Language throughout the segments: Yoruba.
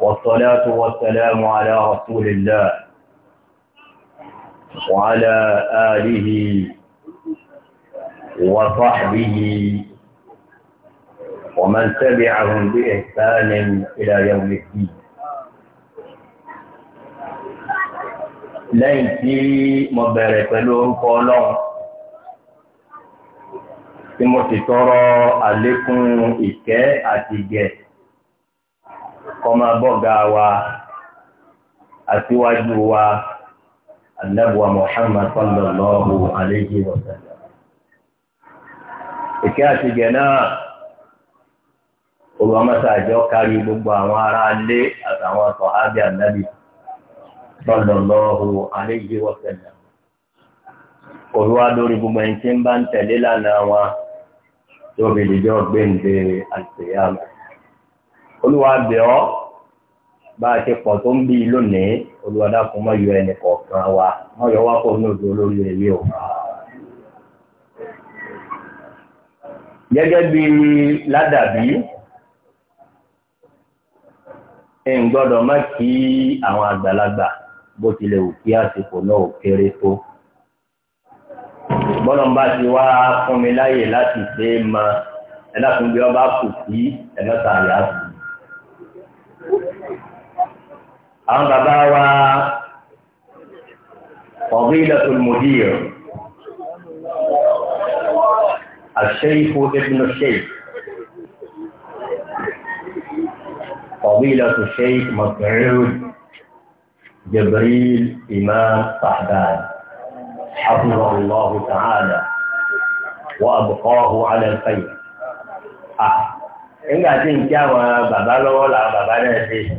والصلاة والسلام على رسول الله وعلى آله وصحبه ومن تبعهم بإحسان إلى يوم الدين lẹ́yìn tí mo bẹ̀rẹ̀ pẹ̀lú orúkọ ọlọ́run tí mo sì kọ́má bọ́gà wa àtiwájú wa anabuwa muhammad sallallahu alayhi wa sallam. ìkẹ́ àtijọ́ náà olùwàmọ́sàájọ́ kárí gbogbo àwọn ará ilé àtàwọn sọ̀hábì ànábì sallallahu alayhi wa sallam. olùwà lórí gbogbo ẹni tí ń bá ń tẹ̀lé lánàá wa tóbi lè jọ gbéǹde àtìyàmù olúwa bẹ̀ ọ́ bá a ṣe pọ̀ tó ń bí i lónìí olúwa dákun má yọ ẹnì kọ̀ọ̀kan wa má yọ wá pọ̀ ní òdo olórí èyí o. gẹ́gẹ́ bí ládàbí ẹ̀ ń gbọ́dọ̀ má kí àwọn àgbàlagbà bó tilẹ̀ wù kí àsìkò náà ò kéré tó. bọ́lọ̀ bá ti wá fún mi láyè láti ṣe é mọ ẹ dákun bí ọba kù sí ẹ mẹ́ta sí. أن باباوا فضيلة المدير الشيخ ابن الشيخ فضيلة الشيخ مسعود جبريل إمام صحبان حفظه الله تعالى وأبقاه على الخير أحد إن أتين كاوا بابا لولا بابا لولا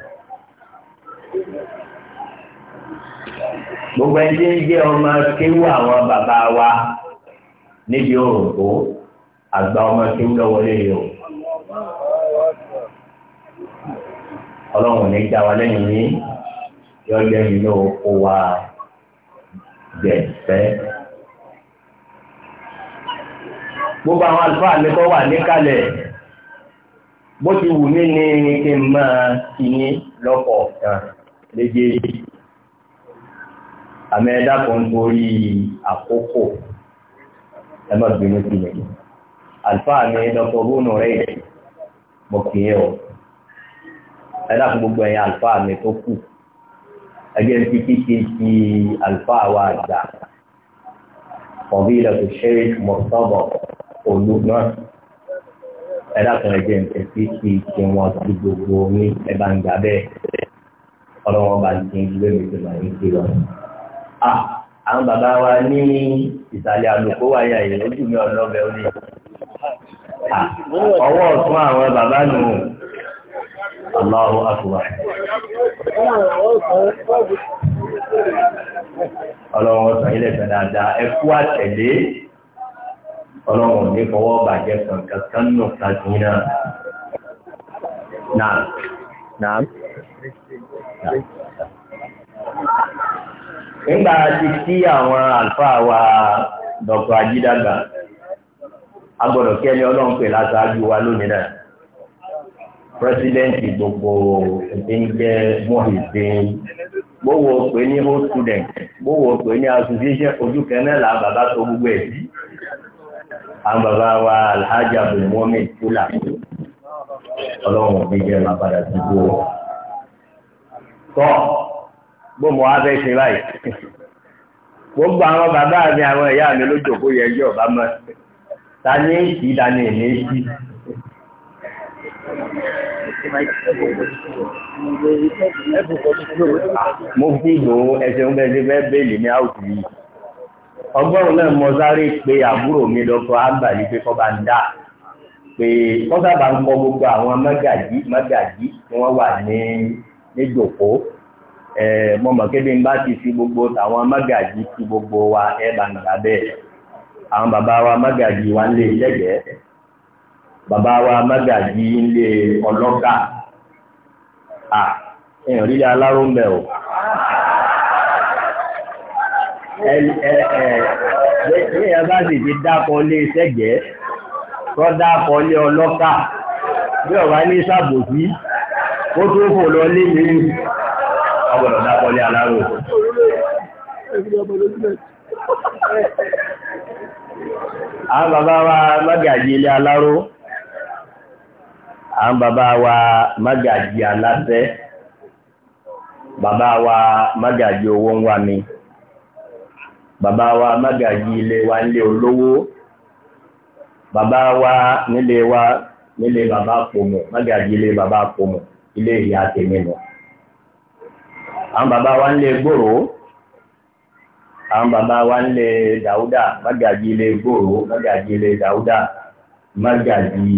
gbogbo ẹni ń jẹ́ ọmọ kéwú àwọn bàbá wa níbi òrùkó àgbà ọmọ kéwú lọ́wọ́ lẹ́yìn o ọlọ́run ní já wa lẹ́yìn yín yọ lẹ́yìn náà kó wa gbẹ̀fẹ́. gbogbo àwọn àlùfáà mi kọ́ wà níkàlẹ̀ bó ti wù mí ní kí n máa kí yín lọ́pọ̀ kan léjèèjì àmẹ́ẹ̀dá kan torí àkókò ẹmọ́ bínú sí mi àlùfáà mi dr bruno rẹ̀ mo kì í ọ ẹ̀dá fún gbogbo ẹ̀yìn àlùfáà mi tó kù ẹgbẹ́ ń fi kíkì sí àlùfáà wa àgbà fọ̀bílẹ̀ tó ṣe mọ̀tọ́bọ̀ olùgbọ́ ẹ̀dá kan ẹgbẹ́ ń fi sí wọn sí gbogbo ní ẹ̀bá bẹ́ẹ̀ ọlọ́wọ́n bá ń sin ilé mi tó máa ń kí lọ à ah, àwọn bàbá wa ní ìsàlẹ̀ àlùkò wà yà yìí ojú mi ọlọ́bẹ̀ ó ní. Ah, ọwọ́ ọ̀tún àwọn bàbá nù Allahu akbar. ọlọ́run ọ̀sán ilẹ̀ fẹ̀ dáadáa ẹ kú àtẹ̀lé ọlọ́run ní fọwọ́ bàjẹ́ kankan nù kàdún náà. Naam nígbà tí kí àwọn àlùfáà wa dọ̀kọ̀ ajídàgbà a gbọ́dọ̀ kí ẹni ọlọ́run pè láṣáájú wa lónìí náà pírẹsidẹ́ǹtì gbogbo ìdíjẹ́ mọ́hìndín gbówó pé ní old student gbówó pé ní association ojú kẹ́nẹ́là bàbá tó gbogbo ẹ̀ sí àwọn bàbá wa alhaji abdulmuhamed kula ọlọ́run ò ní jẹ́ máa padà sí bóun wá fẹ́ ṣe báyìí gbogbo àwọn bàbá mi àwọn ìyá mi ló jòkó yẹ ẹjọ́ ọba mọ́ ta ní èsì dání ní èsì. mo fi ìgbòho ẹsẹ̀ ń bẹ́ẹ̀ fẹ́ bẹ́ẹ̀lì ní àwùjọ yìí ọgbọ́rùn náà mo sáré pé àbúrò mi lọ́kọ̀ àgbàlí pé kọ́ bá ń dà pé wọ́n sábà ń kọ́ gbogbo àwọn màgàjí màgàjí tí wọ́n wà ní níjòkó. mo mọ̀ ń bá ti gbogbo àwọn mágàjì gbogbo wa ẹ bá bẹ́ẹ̀ àwọn bàbá wa mágàjì wa ń lè lẹ́gbẹ̀ẹ́ bàbá wa mágàjì ń lè à líle aláró ń bẹ̀ o. ẹ ọgbọ̀dọ̀ dákọ́lé aláró. àwọn bàbá wa mágàjì ilé aláró àwọn bàbá wa mágàjì aláṣẹ bàbá wa mágàjì owó ń wá mi bàbá wa mágàjì ilé wa nílé olówó bàbá wa nílé wa nílé bàbá pòmù mágàjì ilé bàbá pòmù ilé ìyá tèmi nù àwọn bàbá wa ń lè gbòòrò àwọn bàbá wa ń lè dàúdà mágàjì ilé gbòòrò mágàjì ilé dàúdà mágàjì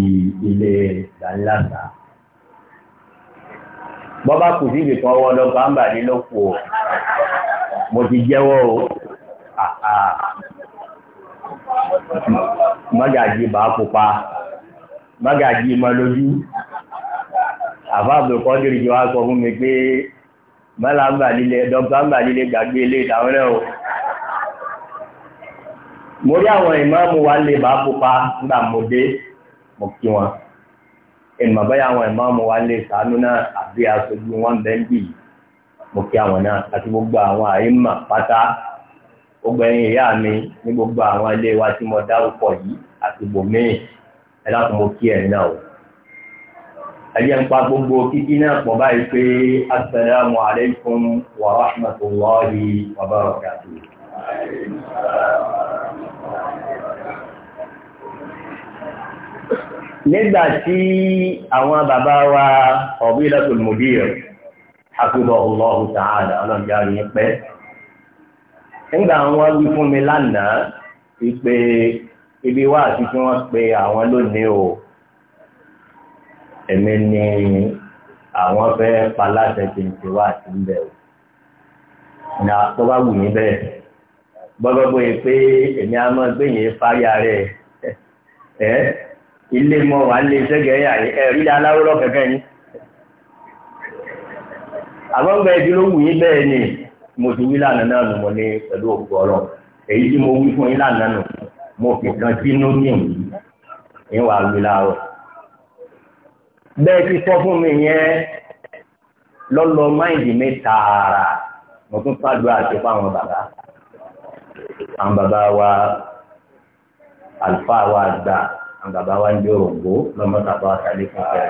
ilé dàńláta bọ́bá kù sí ibìkan wọ́n lọ bàbá ní lọ́pọ̀ o mo ti jẹ́wọ́ o mágàjì bàá pupa mágàjì mọ́ lójú àbá àbùkọ́ jọ wá sọ fún mi pé bọ́lá ń bà líle dọ́gba ń bà líle gbàgbé ilé ìtàwọn náà o. mo rí àwọn ìmáàmù wa lè bá pupa nígbà mo dé mo kí wọn ìmọ̀ báyà àwọn ìmáàmù wa lè sàánú náà àbí aṣojú wọn bẹ́ẹ̀ bì í mo kí àwọn náà àti gbogbo àwọn àìmà pátá gbogbo ẹ̀yin ìyá mi ní gbogbo àwọn ilé wa tí mo dárúkọ yìí àti bòmíì ẹ láti mo kí ẹ̀yin náà o ẹjẹ́ ń pa gbogbo kíkí náà pọ̀ báyìí pé assalamu alaikum wa rahmatullahi wa barakatuh nígbà tí àwọn bàbá wa Fadilatul Mudir hafidhahullahu ta'ala ọlọ́jà yẹn pẹ́ nígbà wọn wí fún mi lánàá wípé ibi wá àti tí wọ́n pe àwọn lónìí o èmi ni àwọn fẹ́ paláṣẹ ti ń ti wá àti ń bẹ̀ o ní àtọ́wá wù mí bẹ́ẹ̀ gbọ́dọ̀ bóyá pé èmi á máa gbé yẹn fáyà rẹ̀ ẹ́ ilé mọ́ wà lé sẹ́gẹ̀ẹ́ yà ẹ̀rí aláwòrán kẹ̀kẹ́ ni àwọn ọgbà ẹbí ló wù yín bẹ́ẹ̀ ni mo ti wí lánàá náà nù mọ́ ní pẹ̀lú òkú ọ̀rọ̀ èyí tí mo wí fún yín lánàá nù mo fi kan sínú ní òní ìwà wí láàárọ̀ bẹ́ẹ̀ ti sọ fún mi yẹn lọ́lọ́ máìdì mi tààrà mo tún fàdúrà àti fáwọn bàbá àwọn bàbá wa àlùfáà wa gbà àwọn bàbá wa ń dé òǹgbò lọ́mọ tàbá wa sáré fún ẹ̀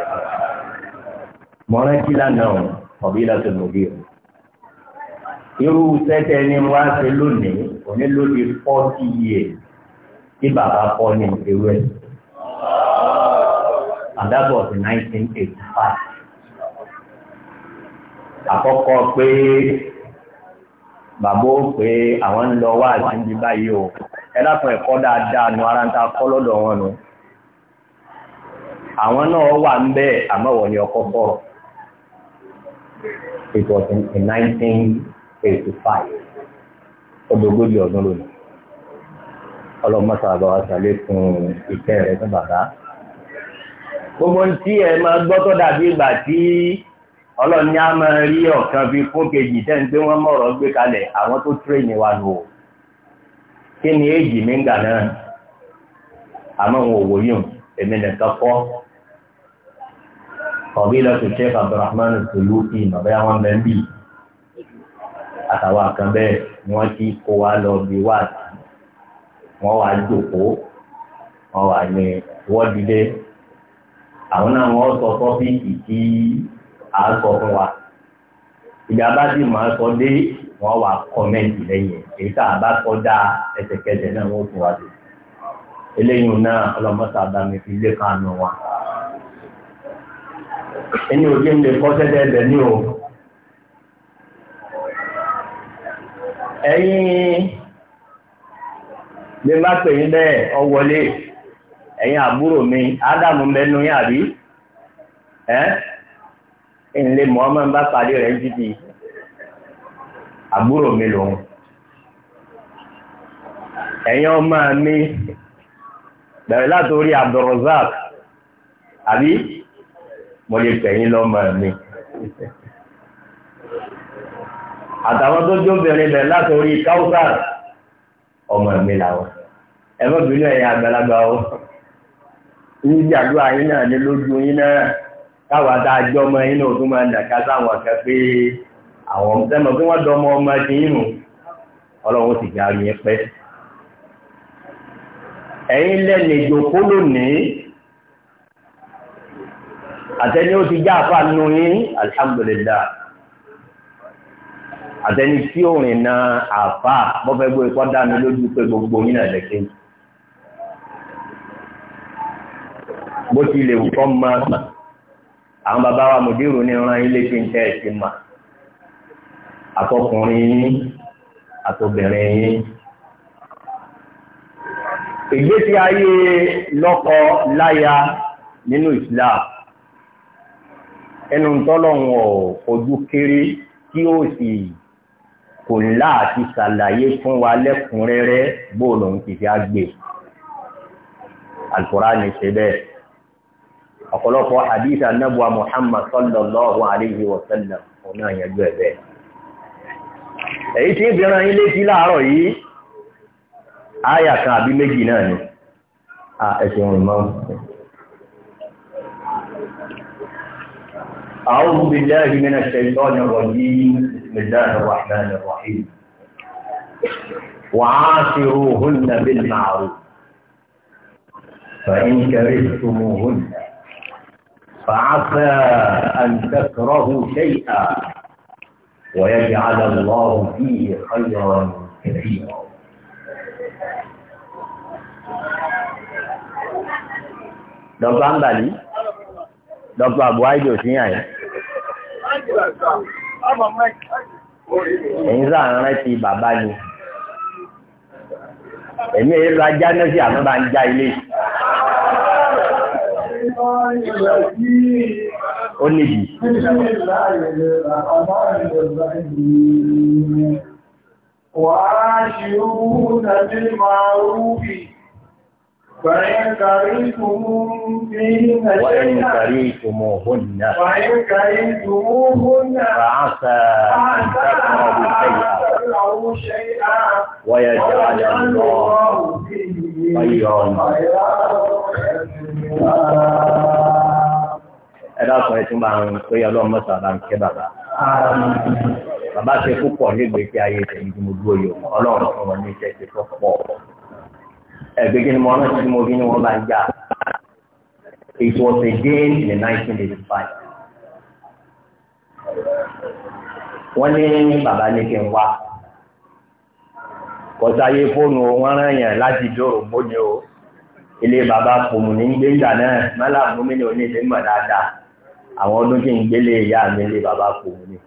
mọ lánàá ọ̀bí láti lòdì o irú sẹ́tẹ̀ ni wá ṣe lónìí òní ló di fọ́ọ̀tì yìí tí bàbá kọ́ ní ìwé and that was in 1985. Àkọ́kọ́ pé bàbá ó pé àwọn ń lọ wá báyìí o, ẹ ẹ̀kọ́ dáadáa nu ara ń ta kọ́ lọ́dọ̀ wọn nu. Àwọn náà wà ń bẹ́ ni ọkọ́ It was in, in 1985. Ọdọ̀gbọ́dì ọdún lónìí. wá fún ìfẹ́ gbogbo tí ẹ máa gbọ́ tó dàbí ìgbà tí ọlọ́run ní a máa rí ọ̀kan fi kún kejì tẹ́ni pé wọ́n mọ̀rọ̀ gbé kalẹ̀ àwọn tó tírèèni wa lò kí ni èjì mi ń gà náà àmọ́ wọn ò wòye èmi nìkan kọ́ kọ̀bí lọ́tò sheikh abdulrahman toluki bàbá àwọn mẹ́bí àtàwọn kan bẹ́ẹ̀ ni wọ́n ti kó wa lọ bí wà wọ́n wá jòkó wọ́n wà ní wọ́dìdé àwọn àwọn wọ́n sọ tọ́pìkì tí a sọ fún wa ìgbà bá sì máa sọ dé wọ́n wà kọ́mẹ́ǹtì lẹ́yìn èyí tá a bá sọ dá ẹsẹ̀kẹsẹ̀ náà wọ́n fún wa dé eléyìn náà ọlọ́mọ́sá wa ẹni ń lè kọ́ sẹ́dẹ̀ ẹ̀bẹ̀ ní o lè ẹ̀yin àbúrò mi ádámù mẹ́nu yín àbí ẹ́ ìnlẹ̀ Muhammad bá pàdé rẹ̀ jìbì àbúrò mi lòun ẹ̀yin ọmọ mi bẹ̀rẹ̀ látòrí Abdulrazak àbí mo lè pẹ̀yìn lọ́mọ mi àtàwọn tó jóbìnrin bẹ̀rẹ̀ látòrí Kausar ọmọ mi làwọn ẹ̀fọ́ bínú ẹ̀yà àgbàlagbà o níbi àdúrà yín náà ní lójú yín náà káwa tá a jọ ọmọ yín náà tó máa nàka sáwọn kan pé àwọn sẹ́mọ̀ pé wọ́n dọ́mọ ọmọ ti yín nù ọlọ́run sì já yín pẹ́. ẹ̀yin lẹ́nu ìjòkó lónìí àtẹni ó ti já àfa nù yín alihamudulilayi àtẹni tí ó rìn náà àfa bọ́fẹ́ gbé e kọ́ dá mi lójú pé gbogbo yín náà lẹ́kẹ́ bó ti lè wù kọ́ mọ́ àwọn bàbá wa mùdírù ní ran ilé tí ń tẹ́ ẹ̀ ti mà àtọkùnrin yín àtọbìnrin yín. ìgbésí ayé lọ́kọ láya nínú Islam ẹnu tọ́lọ́wọ̀n ojú kéré tí ó sì kò ńlá àti ṣàlàyé fún wa lẹ́kùnrẹ́rẹ́ bóòlù ń ti fi á gbé al ṣe bẹ́ẹ̀ ọ̀pọ̀lọpọ̀ hadith anábùa muhammad sallallahu alayhi wa sallam ọ̀nà ìyànjú ẹ̀bẹ̀ èyí tí ń fi ran ilé sí láàárọ̀ yìí áyà kan àbí méjì náà ni ẹ̀sìn òun mọ́ أعوذ بالله من الشيطان الرجيم بسم الله الرحمن الرحيم وعاشروهن بالمعروف فإن كرهتموهن فعسى أن تكرهوا شيئا ويجعل الله فيه خيرا كثيرا dọ́gba ń bàlí dọ́gba àbúrò àìdè òsínyà yìí èyí sáà ń rántí bàbá ni èmi èyí lọ ajá náà sí àmọ́ bá ń já ilé yìí. قل لي وعاشرون بالمعروف فإن كرهتموهن وإن كرهتموهن فإن كرهتموهن فعسى أن تكرهوا شيئا ويجعل الله خيرا ẹ̀dá ọkùnrin ẹ̀ bá ń pé ọlọ́run mọ́sàn án kẹ́ bàbá. bàbá ṣe púpọ̀ nígbèé tí ayé tẹ̀yìn tí mo dúró yòó ọlọ́run fún wọn ní iṣẹ́ ṣe tó pọ̀. ẹ̀gbẹ́ kí ni mo rántí tí mo rí ni wọ́n bá ń jà. It was a day in 1985. wọ́n ní bàbá ní kí n wá. kọ̀sáyé fóònù wọn rán yẹn láti dòrò mójú o ilé bàbá kòmù ní gbéńgbà náà mọ́là gómìnà onílé mọ̀ dáadáa àwọn ọdún tí ń gbélé ìyá mi ilé bàbá kòmù ni.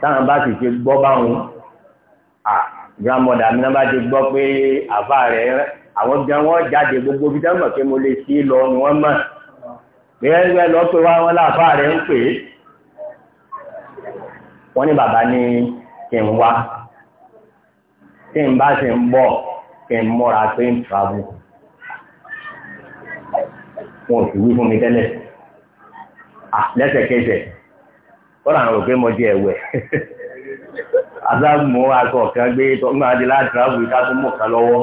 táwọn bá sì ti gbọ́ báwọn à grandmother mi náà bá ti gbọ́ pé àbá rẹ̀ àwọn gan wọ́n jáde gbogbo bí táwọn mọ̀ pé mo lè sí lọ ni wọ́n mọ̀ pé lọ pé wọn láàbá rẹ̀ ń pè é. wọ́n ní bàbá ní kí n wá kí n bá sì ń bọ̀ kí n mọ́ra pé ń travel wọn ò sì wí fún mi tẹ́lẹ̀ lẹ́sẹ̀kẹsẹ̀ kọ́ra àwọn òkè mọ́ di ẹ̀wẹ̀ asáàmù akọ kan gbé tọ́gbọ́n adé láti travel ká tó mọ̀ kan lọ́wọ́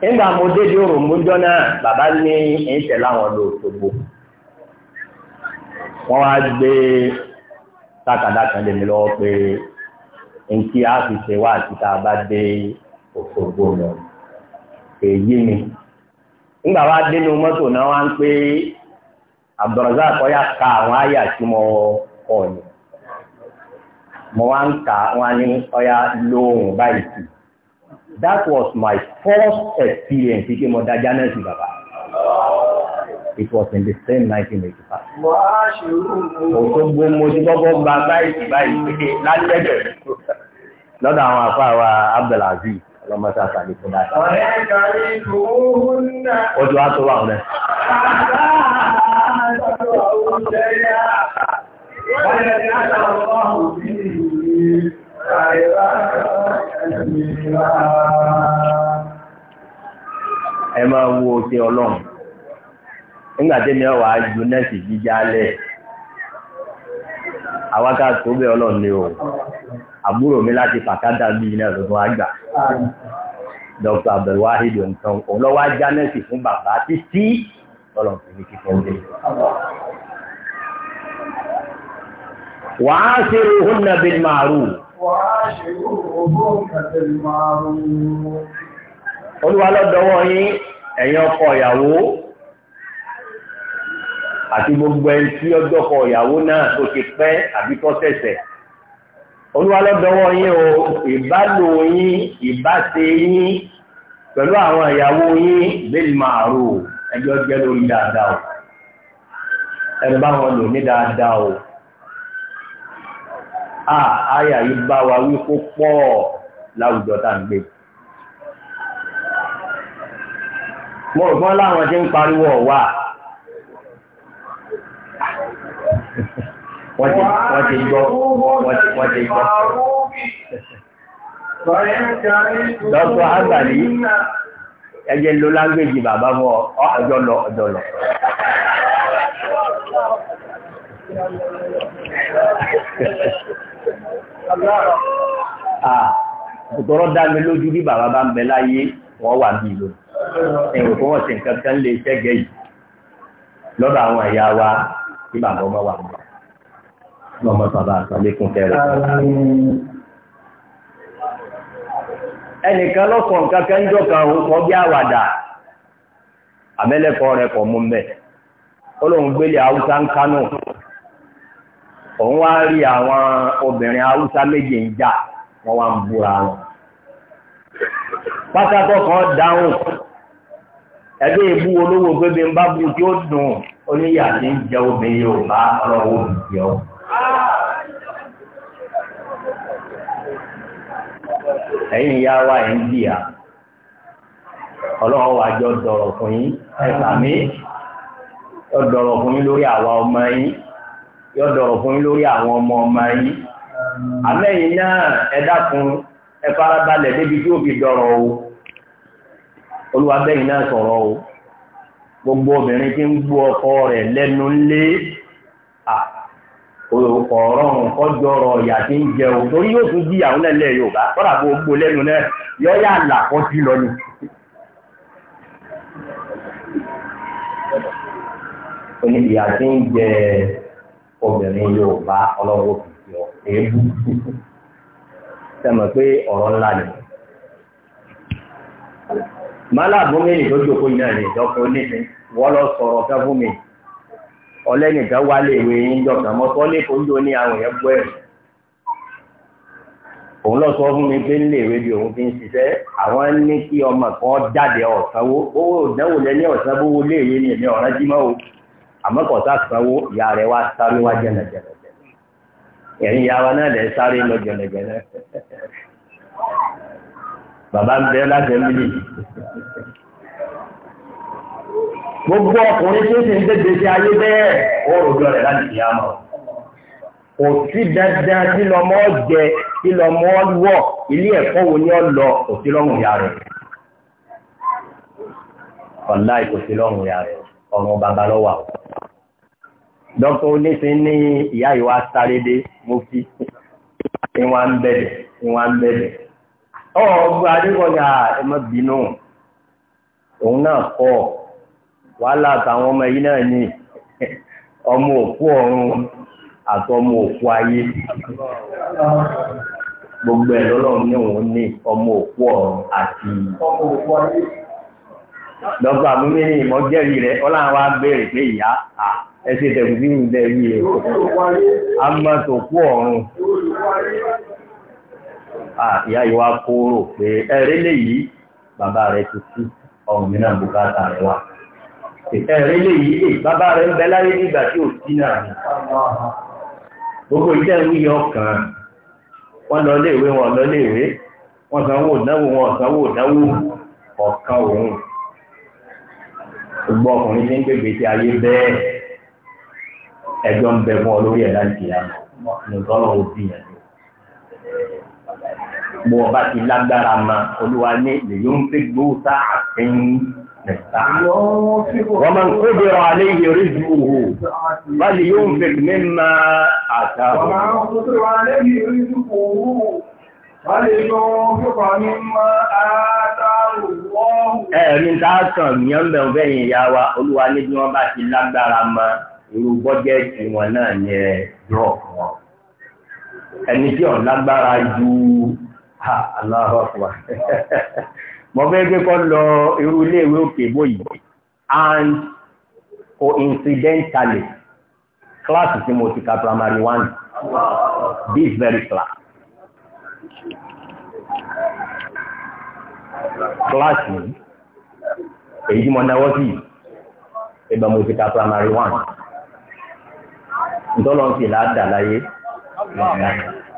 nígbà mo dédé òròmójọ́ náà bàbá ní ìtẹ̀ láwọn lò ṣògbò wọ́n wá gbé tákàdá kan lèmi lọ́wọ́ pé nkí a fi ṣe wá àti tá a bá dé Òṣogbo lọ èyí ni ńgbà wá dénú mọ́tò náà wá ń pé Abdulrazak kọ́yà ka àwọn àyà tí mo kọ̀ ni mo wá ń kà wọ́n ní ọ̀yà lóhùn báyìí sí that was my first experience kí mo dájá náà sí bàbá. It was in the same 1985. Òṣogbo mo ti kọ́kọ́ gba báyìí báyìí pé lálẹ́ bẹ̀rẹ̀. lọ́dọ̀ àwọn afá awa Abdulaziz ọlọ́mọta àtàlẹ́ fún dáadáa. ọ̀rẹ́ ìgbàlè tó wà ọ̀rẹ́. ẹ máa wo ṣe ọlọ́run nígbà tí mi wàá ju nẹ́ẹ̀sì o. àbúrò mi láti pàkádà bí iná lọ́dún àgbà dr abdulwahid nǹkan òun lọ́wọ́ ajá nẹ́ẹ̀sì fún bàbá títí lọ́lọ́n fi ní kíkọ́ ń lé. wàá ṣe ohun nàbí màrú. olúwa lọ́dọ̀ọ́wọ́ yín ẹ̀yin ọkọ ìyàwó àti gbogbo ẹni tí ọjọ́ kọ ìyàwó náà tó ti pẹ́ àbí tó ṣẹ̀ṣẹ̀ olúwalọ́dọ́wọ́ yín o ìbálò yín ìbáṣe yín pẹ̀lú àwọn ìyàwó yín bẹ́ẹ̀ máa rò ẹjọ́ jẹ́ lórí dáadáa o ẹ bá wọn lò ní dáadáa o a àyà yìí bá wa wí kó pọ̀ láwùjọ tá à ń gbé. mo rò fún láwọn tí ń pariwo ọ̀wà wọ́n ti gbọ́ wọ́n ti gbọ́. ló lágbèjì bàbá mọ́ ọjọ́ lọ ọjọ́ lọ. Àtòtòrọ́ ah, dá lójú bí bàbá bá ń bẹ láyé wọ́n wà bí ìlú. Ẹ̀wọ̀n kó wọ́n nǹkan kan lè ṣẹ́gẹ̀ẹ́ yìí lọ́dọ̀ àwọn ẹ̀yà wa tí bàbá ọmọ wà nígbà lọ́mọ bàbá àtàlékún kẹrẹ. ẹnìkan lọ́kọ̀ kankan ń jọ̀kan òkò bí àwàdà àmẹ́lẹ́kọ̀ọ́ rẹ̀ kọ̀ mú mẹ́ olóhùn gbélé haúsá ń kánò òun wá rí àwọn obìnrin haúsá méje ń jà wọ́n wá ń búra wọn. pátákó kan dáhùn ẹgbẹ́ ìbú olówó gbébé ń bá bu tí ó dùn oníyàtí ń jẹ obìnrin yorùbá ọlọ́wọ́ òbí jẹun. ẹ̀yin ya wa ẹ̀ ń jìyà ọlọ́run wa jọ dọ̀rọ̀ fún yín ẹ̀sà mi fún yín lórí ọmọ yín yọ fún lórí àwọn ọmọ ọmọ yín àmẹ́yìn náà ẹ dákun ẹ débi tí ó fi dọ̀rọ̀ o olúwa náà sọ̀rọ̀ o gbogbo obìnrin ń gbọ́ ọkọ orúkọ ọ̀rọ̀rùn kọjọrọ ìyà tí ń jẹ òun torí yóò tún jíyà òun lẹ́lẹ̀ yorùbá kọ́dà bó gbó lẹ́nu náà yọ́yà làkọ́jú lọ ni. oní ìyà tí ń jẹ obìnrin yorùbá ọlọ́wọ́ òkìkí ọ èébú sẹ́mọ̀ pé ọ̀rọ̀ ńlá ni. màálà bómi nìjọ́jú yìí náà ni ìjọ́kọ̀ oníṣẹ́ wọ́n lọ sọ̀rọ̀ fẹ́ fún mi ọlẹ́nìkan wá lè wé yín jọ̀kan mọ́ sọ́lé kó ń do ní àwọn yẹn gbọ́ ẹ̀rù òun lọ sọ fún mi pé nílé ìwé bí òun fi ń ṣiṣẹ́ àwọn ní kí ọmọ kan jáde ọ̀sánwó owó ìdánwò lẹ́ni ọ̀sánwó léèyé ni èmi ọ̀rán jímọ́ o àmọ́ kò sá sanwó ìyá rẹ̀ wá sáré wá jẹ̀nà jẹ̀nà jẹ̀nà ẹ̀yìn ìyá wa náà lẹ̀ sáré lọ jẹ̀nà bàbá ń bẹ láti ẹ̀mí gbogbo ọkùnrin tó sì ń dédé sí ayé bẹ́ẹ̀ ó rojọ́ rẹ̀ láti fi àmọ́ kò sí dandan kí lọmọ jẹ kí lọmọ wọ ilé ẹ̀kọ́ wo ni ọ lọ kò sí lọ́rùn ìyá rẹ̀ ọ̀la kò sí lọ́rùn ìyá rẹ̀ ọ̀run bàbá lọ́wọ́ àwọn. dókítà oníṣẹ́ ní ìyá ìwà sáré dé mufti ìwà ń bẹ̀rẹ̀ ìwà ń bẹ̀rẹ̀ ọ̀ọ́ gbọ́ adékọ̀ọ́yà ẹ̀mọ́ bínú òun náà kọ́ wàhálà àtàwọn ọmọ yìí náà ní ọmọ òkú ọ̀run àtọmọ òkú ayé gbogbo ẹ̀ lọ́lọ́run ní òun ní ọmọ òkú ọ̀run àti dọ́gba mímí ní ìmọ̀jẹ́rì rẹ̀ ọlọ́run wá béèrè pé ìyá ẹsẹ̀ tẹ̀kù sí ìrìn lẹ́rí ẹ̀ amọ̀tòkú ọ̀run ìyá ìwà kóró pé ẹ̀rẹ́lẹ̀ yìí bàbá rẹ̀ ti kú ọ̀run mìíràn bùkátà rẹ̀ wà ẹ̀rẹ́ lè yí lè bàbá rẹ̀ ń bẹ láyé nígbà tí ò sí náà ni gbogbo iṣẹ́ ń yí ọkàn wọ́n lọ léèwé wọn lọ léèwé wọ́n sanwó ìdánwò wọn sanwó ìdánwò ọ̀kan òun gbogbo ọkùnrin tí ń gbègbè tí ayé bẹ́ẹ̀ ẹjọ́ ń bẹ fún ọ lórí ẹ̀dá ìkìlá nìkan lọ́wọ́ bíyànjú bó ọba ti lágbára ma olúwa ní lèyí ń fi gbóòtá àfihàn ومن قدر عليه رزقه فلينفق مما آتاه ومن قدر عليه رزقه Ẹ̀rin tààtàn ní ọ̀bẹ̀ ọ̀bẹ̀yìn ìyá wa, olúwa ní bí wọ́n bá ti lágbára mọ́ irú bọ́jẹ́ẹ̀tì wọn náà ní ẹ̀ dúrọ̀ wọn. Ẹni tí ó lágbára ju ha, aláhọ́fà. mo fẹ́ gbé kọ́ lọ irú iléèwé òkè bóyìí and coincidentally class tí mo ti ka primary one this very class class yìí èyí tí mo náwó sí ìgbà mo ti ka primary one ntọ́lọ́ǹtì là á dà láyé lọ́nà.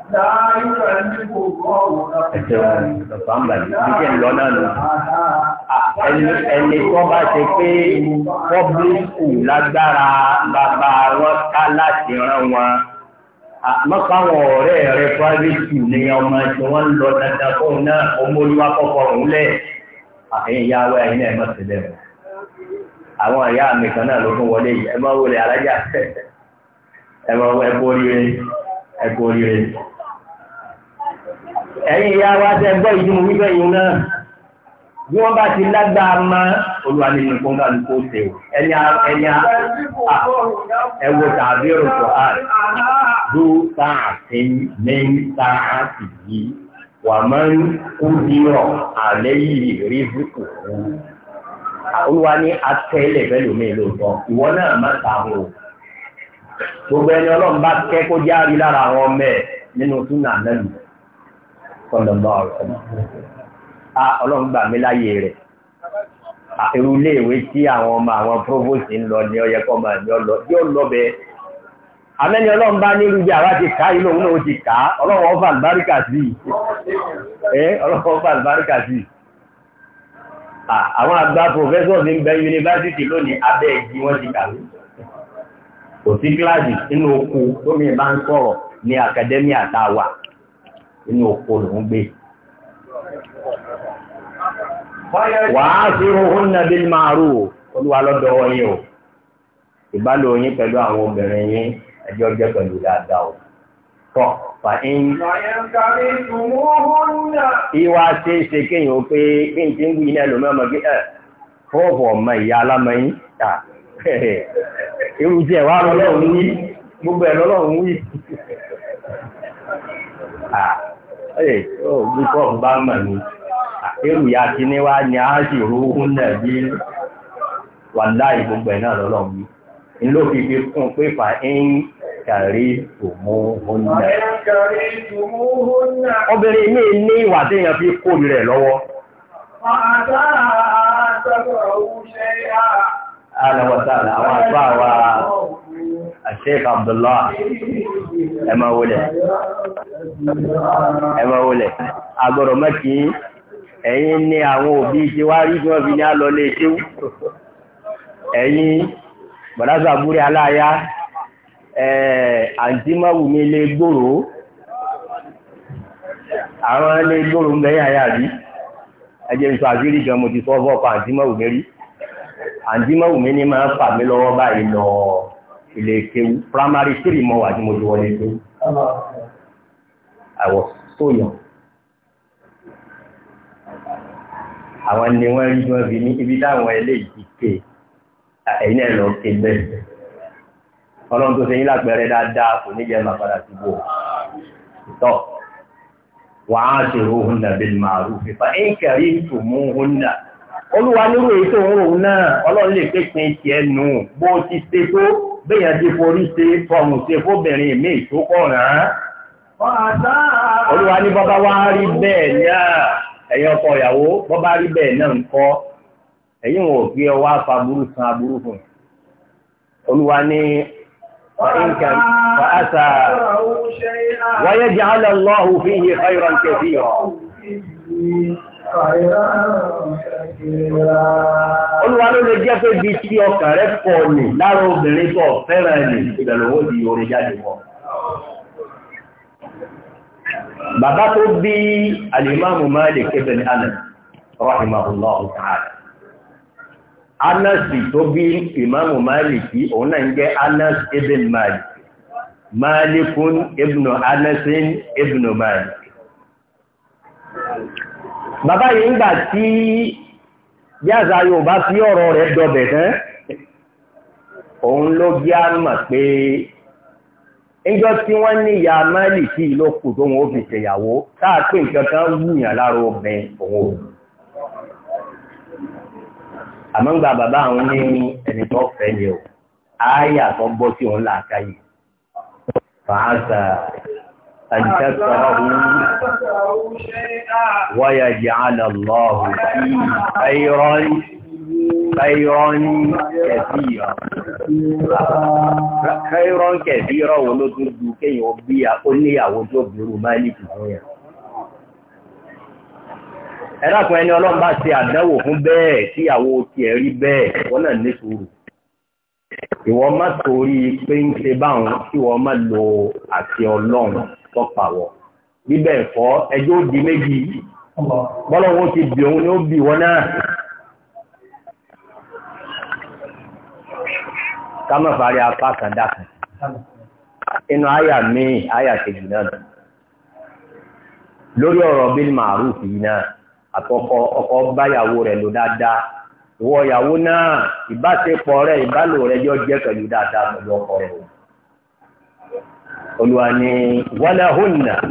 Ẹ̀sọ̀fàm bàjẹ́ bíjẹ́ ńlọ náà lò. Ẹni kọ́ bá ṣe pé pọ́blíkù lágbára bàbá wọn ká láti rán wọn. Mọ́kànwọ̀ ọ̀rẹ́ rẹ̀ pọ́blíkù ni ọmọ tí wọ́n ń lọ dandan fún náà ọmọlúwa kọ́kọ́ òun lẹ̀. Àfihàn ìyáwó ẹ̀yìn ẹ̀ mọ̀ sílẹ̀. Àwọn ìyá mi kan náà ló fún wọlé yìí. Ẹ wọlé alájà. Ẹ máa wọ ẹ̀yin ìyá wa tẹ́ gbọ́ ìdí mo yìí náà bí wọ́n bá ti lágbàá ma olúwa nínú kọ́ńtà ní kó ṣe o ẹni ẹni ẹwọ tàbí ọ̀rọ̀ àrẹ ló sáàtì mẹ́rin sáàtì yìí wà máa ń kú dírọ̀ àlẹ́ yìí rí fúkú olúwa ní atẹ́lẹ̀ bẹ́ẹ̀ lómi lóòótọ́ ìwọ náà má sàmù o gbogbo ẹni ọlọ́run bá kẹ́ kó járe lára àwọn ọmọ ẹ̀ nínú túnà náà sọ́lọ́lọ́ ọ̀sán náà ọlọ́run gbà mí láyé rẹ̀ irú iléèwé tí àwọn ọmọ àwọn provost ń lọ ní ọyẹ kọ́mọ ní ọlọ yóò lọ bẹ amẹ́ni ọlọ́run bá nílùú bí àwa ti kà á ilé òun náà ó ti kà á ọlọ́run ọba àlùbáríkà sí i ọlọ́run ọba àlùbáríkà sí i àwọn àgbà professors ń bẹ yunifásitì lónìí abẹ́ ìdí wọ́n ti kàwé kò sí kíláàsì nínú oko tómi bá ń sọ̀rọ̀ ní academia tá a inú oko lòún gbé. wàá sírun hunna bil ma'ruf olúwa lọ́dọ̀ yín o ìbálò yín pẹ̀lú àwọn obìnrin yín ẹjọ́ jẹ́ pẹ̀lú dáadáa o tọ́ fàáyín. ìwà ṣe é ṣe kéèyàn ó pé kí n ti ń wí náà lómi ọmọ gé ẹ fọ́ọ̀fù ọmọ ìyá alámọyín ta irú tí ẹ wá lọ́lọ́run wí gbogbo ẹ̀ lọ́lọ́run wí ẹ̀ gbogbo ọ̀gbá mọ̀ ní àkérù ya ti ní wá ní áàṣì rúhún náà bí wà láì gbogbo ẹ̀ náà lọ́lọ́ mi ń fi fi kún pé fà ń kàrí tòmóhún náà. obìnrin mi ní ìwà téèyàn fi kó rẹ̀ lọ́wọ́. àtàwọn àtàwọn àwọn àgbà Sheikh عبد الله، máa wọlé ẹ máa wọlé agbọ́dọ̀ mẹ́kì ẹ̀yin ni àwọn òbí ti wá rí tí wọ́n fi ní àlọ́lẹ̀ e ṣéwú ẹ̀yin bọ̀dásà búrẹ́ aláya àǹtí mọ́wù ní ilé gbòòrò àwọn ilé gbòòrò ń bẹ́yìn àyà rí ẹjẹ́ ìṣọ́ àfírí gan mo ti fọ́ fọ́ pa àǹtí mọ́wù mi rí mọ́wù mi máa ń fà mí lọ́wọ́ báyìí lọ́ọ́ ilé kéwú primary three mọ́ wà ní mo ti wọlé kéwú I was so young. àwọn ni wọ́n rí wọ́n fi ní ibi táwọn eléyìí ké ẹ̀yìn ẹ̀lọ ké bẹ́ẹ̀ ọlọ́run tó sẹ́yìn lápẹẹrẹ dáadáa kò ní jẹ́ màpadà sí bò tọ́ wà á ṣe òhun nà bil ma'ruf fa in karihtumuhunna olúwa nírú èyí tó ń rò náà ọlọ́run lè pèsè tiẹ̀ nù bó ti ṣe tó be ti forí ṣe fọmù ṣe fóbìnrin mi tó kọ̀ràn olúwa ní bọ́bá wá rí bẹ́ẹ̀ náà ẹ̀yin ọkọ ìyàwó bọ́bá rí bẹ́ẹ̀ náà ń kọ́ ẹ̀yin wọn ò fi ọwọ́ afa burú san aburú fún olúwa ní ọ̀ínkà fàásà wáyé jẹ́ lọ́hùn Olúwa ló lè jẹ́ pé bí tí ọkàn rẹ̀ pọ̀ nì lára obìnrin tó fẹ́ràn di orin jáde wọn. Bàbá tó bí Alimamu Malik ibn Anas, rahimahullahu ta'ala. Anasi tó bí Imamu Malik kí òun náà ń jẹ́ Anas ibn anasi bàbá yìí ńgbà tí yáza yorùbá sí ọ̀rọ̀ rẹ̀ dọbẹ̀ tán òun ló bí a mọ̀ pé níjọ́ tí wọ́n ní ìyá máìlì sí ìlókù tó wọn ó fi ṣèyàwó táà pé nǹkan kan wùyàn lára obìnrin òun ò àmọ́ ń bàbá àwọn ní ẹni tó fẹ́ ni o ààyè àtọ́ bọ́ sí òun làákàyè fàáṣà أن تكرهوا ويجعل الله فيه خيرا خيرا كثيرا خيرا كثيرا olódúdú kéèyàn bí oníyàwó tó bẹ̀rù máìlìkì fún yà ẹ̀dàkùn ẹni ọlọ́run bá ṣe àdánwò fún bẹ́ẹ̀ tíyàwó ti ẹ̀rí bẹ́ẹ̀ wọ́n náà ní sùúrù ìwọ má torí pé ń ṣe báwọn tí wọ́n má lo àti ọlọ́run tọ́pàwọ̀ bíbẹ̀ ẹ̀fọ́ ẹjọ́ òdì méjì bọ́lọ́wọ́ ti bì òun ni ó bì wọ́n náà kámọ̀ fàárí apá kan inú àyà àyà kejì náà lórí ọ̀rọ̀ náà ọkọ báyàwó rẹ̀ dáadáa قلواني ولهن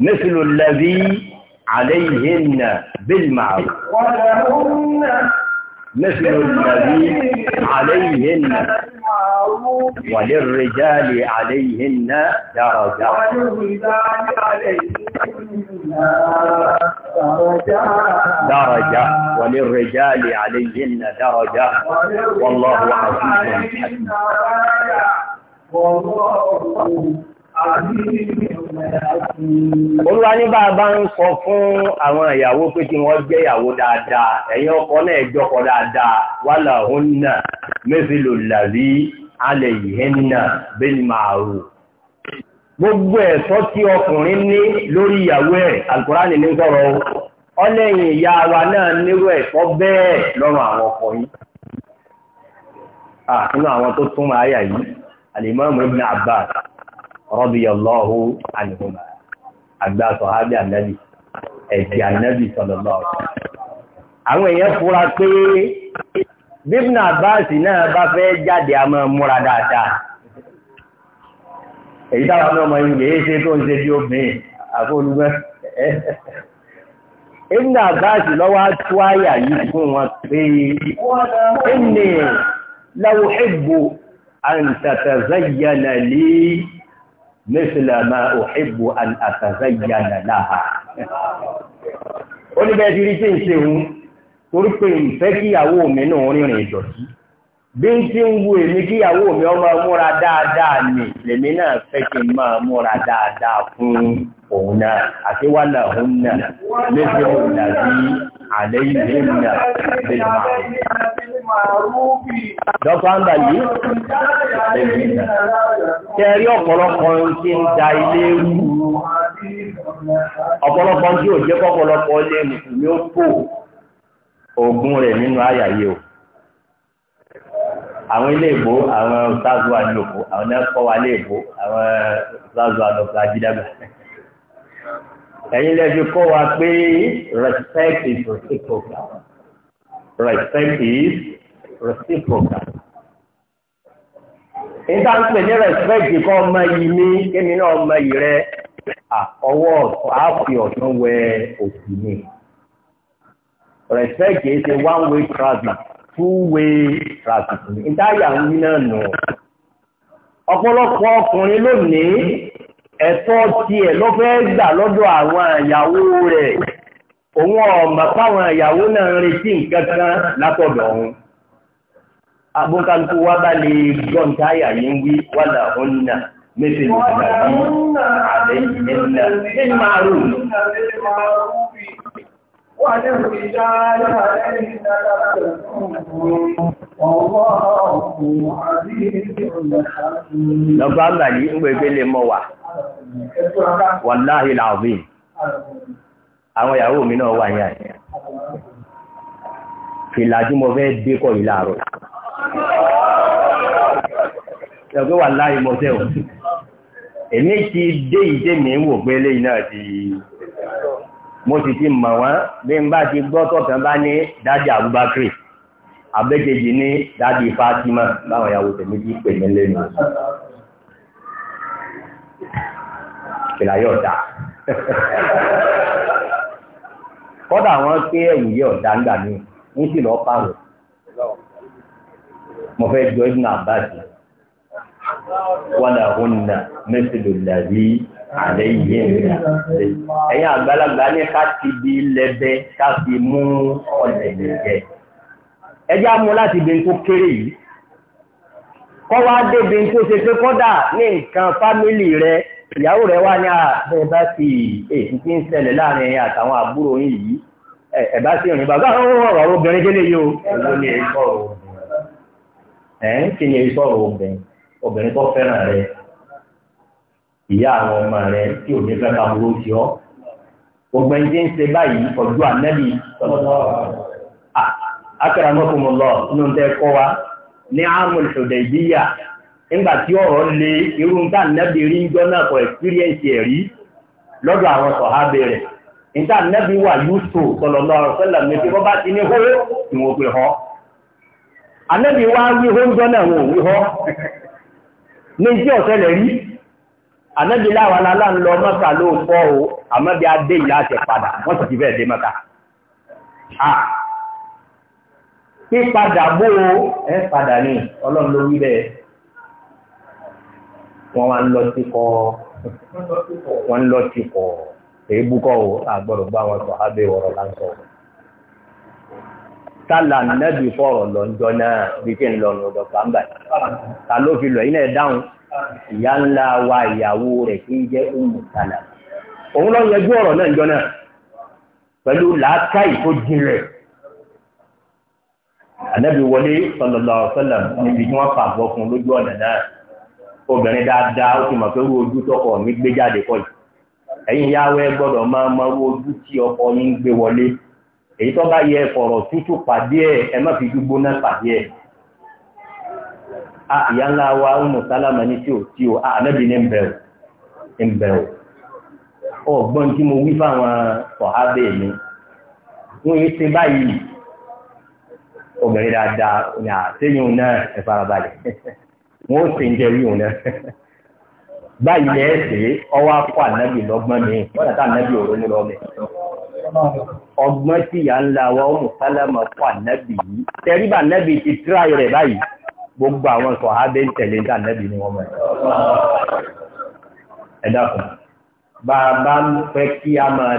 مثل الذي عليهن بالمعروف ولهن مثل الذي عليهن وللرجال عليهن درجة درجة وللرجال عليهن درجة والله عزيز حكيم Olúwa ní bàbá ń sọ fún àwọn ìyàwó pé kí wọ́n jẹ́ ìyàwó dáadáa, ọkọ náà jọkọ dáadáa, wà láhún náà, mẹ́fìlò làrí, alẹ̀ náà, Gbogbo ẹ̀tọ́ tí ọkùnrin ní lórí ìyàwó wa lọrọ awọn ọkọ الإمام ابن عباس رضي الله عنهما عباس صحابي النبي ẹ̀jẹ̀ ànábì sọ̀lọ̀lọ́ àwọn èèyàn fura pé bíbùnà àbáàsì náà bá fẹ́ jáde a máa múra dáadáa ṣe tó ń ṣe bí obìnrin àfọ́lùgbẹ́ ìbùnà Ibna lọ́wọ́ tó أن تتزين لي مثل ما أحب أن أتزين لها ó ní bẹ́ẹ̀ ti rí tí ń ṣe hun torí pé ìfẹ́ kíyàwó mi náà rìnrìn ìdọ̀tí bí ń tí ń wo èmi kíyàwó mi ọmọ múra dáadáa mi lèmi náà fẹ́ kí n máa múra dáadáa fún òun náà àti wà náà òun náà lẹ́sẹ̀ òun dàbí àlẹ́ ìlú náà lè máa. Dọ́kọ̀ àǹdà yìí, tẹ́rí ọ̀pọ̀lọpọ̀ tí ń da ilé rú, ọ̀pọ̀lọpọ̀ tí ò jẹ́ pọ̀pọ̀lọpọ̀ ilé mùsùlùmí ó kò ogun rẹ̀ nínú àyà yìí o. Àwọn ilé ìbò, àwọn ṣáàzù àdìlòkò, àwọn ẹ̀kọ́ wa ilé ìbò, àwọn ṣáàzù àdìlòkò ajídàgbà. Ẹ̀yin lẹ́fi kọ́ wa pé respect is reciprocal. respect is reciprocal. nígbà ń pè ní respect kọ́ ọmọ yìí ní kémi náà ọmọ yìí rẹ ọwọ́ ọ̀tún wẹ òkú ni. one way traffic two way traffic ni. ìdáyà ń na náà nù. ọ̀pọ̀lọpọ̀ ọkùnrin lónìí ẹ̀tọ́ tiẹ̀ ló fẹ́ gbà lọ́dọ̀ òun ọ̀mà páwọn ìyàwó náà ń retí nǹkan kan látọ̀dọ̀ òun abúkálukú wa bá lè gbọ́n táyà yìí ń wí wàlà ọ̀nà mẹ́fẹ̀ẹ́ nìkan àbí àbẹ́ ẹ̀nà ní márùn. lọ́gbàgbà yìí ń gbẹ̀gbẹ̀ lè mọ̀ wá wàláhìlà ọ̀bìn àwọn ìyàwó mi náà wà ní àyè fìlà tí mo fẹ́ dé kọ́ yìí ẹgbẹ́ wà láàyè mọ́tẹ́ o èmi ti dé ìdé mi ń wò pé eléyìí náà ti mo sì ti mọ̀ wọ́n bí n bá ti gbọ́ tọ̀kan bá ní dájú Abubakar abẹ́kejì ní dájú Fatima báwọn ìyàwó tèmi ti pè mí lẹ́nu fìlà kọ́dà wọn pé ẹ̀yìn yẹ ọ̀dà ńgbà mí ń sì lọ́ọ́ pààrọ̀ mo fẹ́ jọ ibùdó àbájá wàlà hùnà mẹ́sìlò làbí àlẹ́ yìí ẹ̀yìn ẹ̀yìn àgbàlagbà ní ká ti di lẹ́bẹ́ ká fi mú ọ̀lẹ̀ jẹ ẹjẹ́ á mú láti ibi tó kéré yìí kọ́ wá débi tó ṣe pé kọ́dà ní nǹkan fámìlì rẹ̀ ìyàwó rẹ̀ wá ní a bá sì èsì tí ń ṣẹlẹ̀ láàrin ẹ̀yà àtàwọn àbúrò yín yìí ẹ̀ bá sì bàbá àwọn ọ̀rọ̀ obìnrin délé o ẹ̀ ń kí obìnrin tó fẹ́ràn rẹ ìyá àwọn ọmọ tí ò ní fẹ́ burú sí ń ṣe báyìí ọjọ́ nígbàtí ọ̀rọ̀ lé irú nǹkan ànábì rí ń jọ́nà kọ̀ ẹ̀kpíríẹ̀nsì ẹ̀ rí lọ́dọ̀ àwọn sọ̀hábẹ̀ rẹ̀ nǹkan ànábì wà yúùtò sọ̀lọ̀lọ́ ọ̀sẹ̀lẹ̀ mẹ́tí bọ́ bá ti ní hó ni wọ́n pè họ́ ànábì wá wí hó ń jọ́nà wọn ò wí họ́ ní iṣẹ́ ọ̀sẹ̀lẹ̀ rí ànábì láwa lálá ń fọ́ wọ́n wá ń lọ sí kọ́ wọ́n ń lọ sí kọ́ èébú kọ́ o àgbọ̀dọ̀ bá wọn sọ abẹ́ ọ̀rọ̀ láńsọ̀ tálà nẹ́bí fọ̀rọ̀ lọ́njọ́ náà bí kí n lọ lọ dọ̀fà ń bàyí ta ló fi lọ yín náà dáhùn ìyá ńlá wa ìyàwó rẹ̀ kí ń jẹ́ òmù tálà òun lọ yẹjú ọ̀rọ̀ náà njọ́ náà pẹ̀lú làákàyè tó ànẹ́bí wọlé sallallahu alaihi níbi tí wọ́n fà bọ́ fún lójú ọ̀nà náà obìnrin dáadáa ó ti mọ̀ pé wo ojú tọkọ mi gbé jáde kọ́ yìí ẹ̀yin yáwó gbọ́dọ̀ máa mọ ojú tí ọkọ yín gbé wọlé èyí tó bá yẹ fọ̀rọ̀ tútù pàdé ẹ̀ ẹ má fi pàdé ẹ̀ a ìyá ńlá wa Ummu Salama ní tí ò tí ò a ní mi wọ́n yìí báyìí obìnrin dáadáa ní àtẹ́yìn náà wọ́n ó ń jẹ wíwọ̀n náà báyìí lẹ́ ẹ̀sẹ̀ ọwọ́ akọ ànábì lọ́gbọ́n mi wọ́n dàtà ànábì òró ọgbọ́n tí ìyá ńlá wa ọmọ sálámà kọ ànábì yìí ànábì ti tíra rẹ̀ báyìí gbogbo àwọn sọ abẹ́ ń tẹ̀lé ní ànábì ni wọ́n mọ̀ ẹ̀ dákun a fẹ́ kí a máa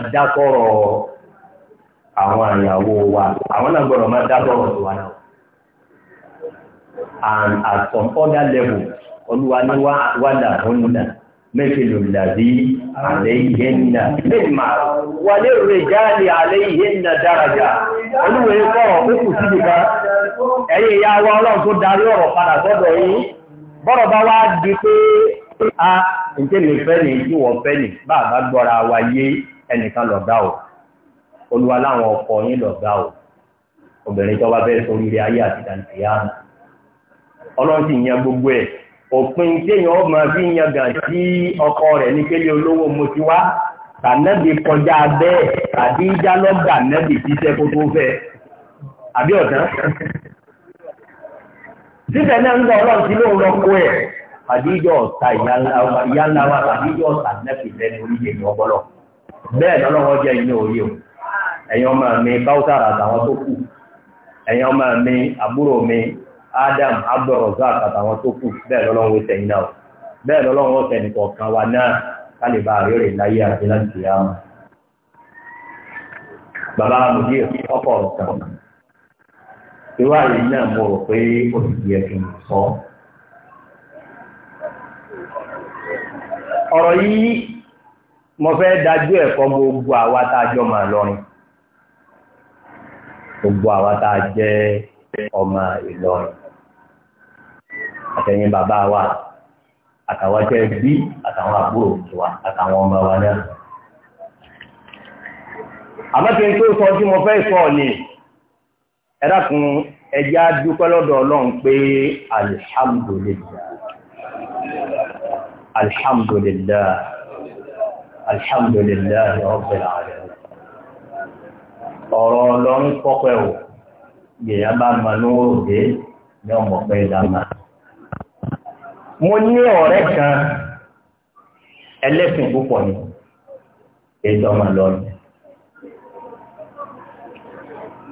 and at some other level olúwa ní wàdà húnnà mẹ́fìlùlàbí àléyìnà mẹ́fìlùmá wà ní rẹ̀jáàlì àléyìnà dáraja olúwa ẹ̀kọ́ òkú síbi kan ẹ̀yìn ìyá wa ọlọ́run tó darí ọ̀rọ̀ padà sọ́dọ̀ yìí bọ́rọ̀ bá wá di pé a ìtẹ́lẹ̀ fẹ́ ní tí wọ́n fẹ́ ní bá bá gbọ́ra wa yé ẹnìkan lọ̀gá o olúwa láwọn ọkọ yín lọ̀gá o obìnrin tó bá fẹ́ sórí ilé ayé àti dàǹtìyàmù ọlọ́run sì gbogbo ẹ̀ òpin téèyàn ọmọ fi yan sí ọkọ rẹ̀ ní kéde olówó mo ti wá tànẹ́bì kọjá bẹ́ẹ̀ àbí ìjálọ́gbà nẹ́bì fẹ́ àbí ọ̀tán síbẹ̀ náà ń lọ lóun ẹ̀ nẹ́bì lẹ́nu orílẹ̀ èdè ọgbọ́lọ̀ bẹ́ẹ̀ lọ́lọ́wọ́ jẹ́ inú òye o ẹ̀yin ọmọ mi tó kù ẹ̀yin ọmọ mi àbúrò mi Adam Abdulrazak àtàwọn tó kù bẹ́ẹ̀ lọ́lọ́run ó tẹ̀yìn náà bẹ́ẹ̀ lọ́lọ́run ó tẹ̀yìn kọ̀ọ̀kan wa náà ká lè bá àríọ̀rẹ̀ láyé àti láti ṣe àwọn. bàbá amòye ọkọ̀ ọ̀kan ìwádìí náà mo rò pé ó ti di ẹ̀sùn sọ. ọ̀rọ̀ yìí mo fẹ́ dájú ẹ̀kọ́ gbogbo àwa tá a jọ mà lọrin gbogbo àwa tá a jẹ́ ọmọ Ìlọrin àtẹ̀yìn bàbá wa àtàwọn tẹ́ bí àtàwọn àbúrò wa àtàwọn ọmọ wa náà. àmọ́kí n tó sọ tí mo fẹ́ sọ ni ẹ dákun ẹjẹ́ á dúpẹ́ lọ́dọ̀ ọlọ́run pé alihamdulilayi alihamdulilayi alihamdulilayi rabbil alamin ọ̀rọ̀ ọlọ́run pọ́pẹ́ o yẹ̀yà bá ma ní òde ní ọmọ pẹ́ ìlànà mo ní ọ̀rẹ́ kan ẹlẹ́sìn púpọ̀ ni ètò ọmọ lọ́nà